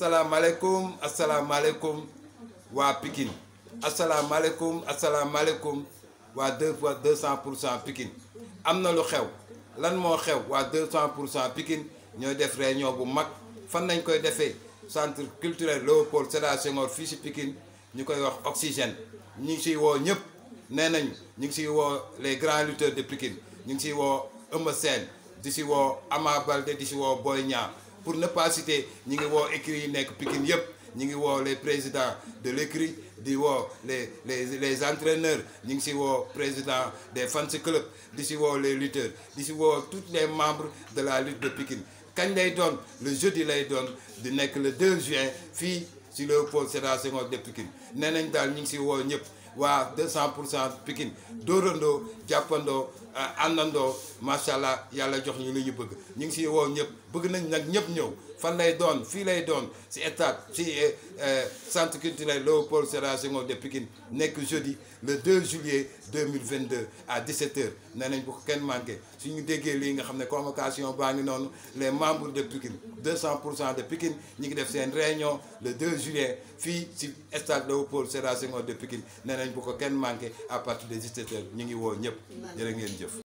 wa asalaamaaleykum assalamu alaikum, assalam alaikum wa deux fois deux cent pour cent Pikine am lu xew lan mo xew wa deux cent pour cent Pikine ñooy def réunion bu mag fan nañ koy defee centre culturel Léopold Sédar Senghor fii si Pikine ñu koy wax oxygène Ñi ngi wo ñep ñëpp nee nañu ñu les grands lutteurs de Pikine Ñi ngi wo woo Eumeu di si wo Ama di wo Boy pour ne pas ñi ngi woo écrit yi nekk Pikine yëpp ñi ngi woo les présidents de l'écrit di woo les les les entraîneurs ñi ngi si woo président des fans club di si woo les lutteurs di si woo tous les membres de la lutte de Pikine kañ lay doon le jeudi lay doon di nekk le 2 juin fii si Léopold Sédar Senghor de Pikine nee nañ daal ñi ngi si woo ñëpp waa 200 Pikine dóorandoo jàppandoo euh, àndandoo macha allah yàlla jox ñu li ñu bëgg ñu ngi si woo ñëpp bëgg nañ nag ñëpp ñëw fan lay doon fii lay doon si état si euh, euh, centre culturel Léopold Sédar Senghor de Pikine nekk jeudi le 2 juillet 2022 à 17h nee nañ bu ko kenn manqué suñu déggee lii nga xam ne convocation baa ngi noonu les membres de Pikine 200 de Pikine ñu ngi def seen réunion le 2 juillet fii si de Léopold Sédar Senghor de Pikine nee nañ nañ bu ko kenn manqué à partir des 17 heures ñu ngi woo ñëpp jërë ngeen jëf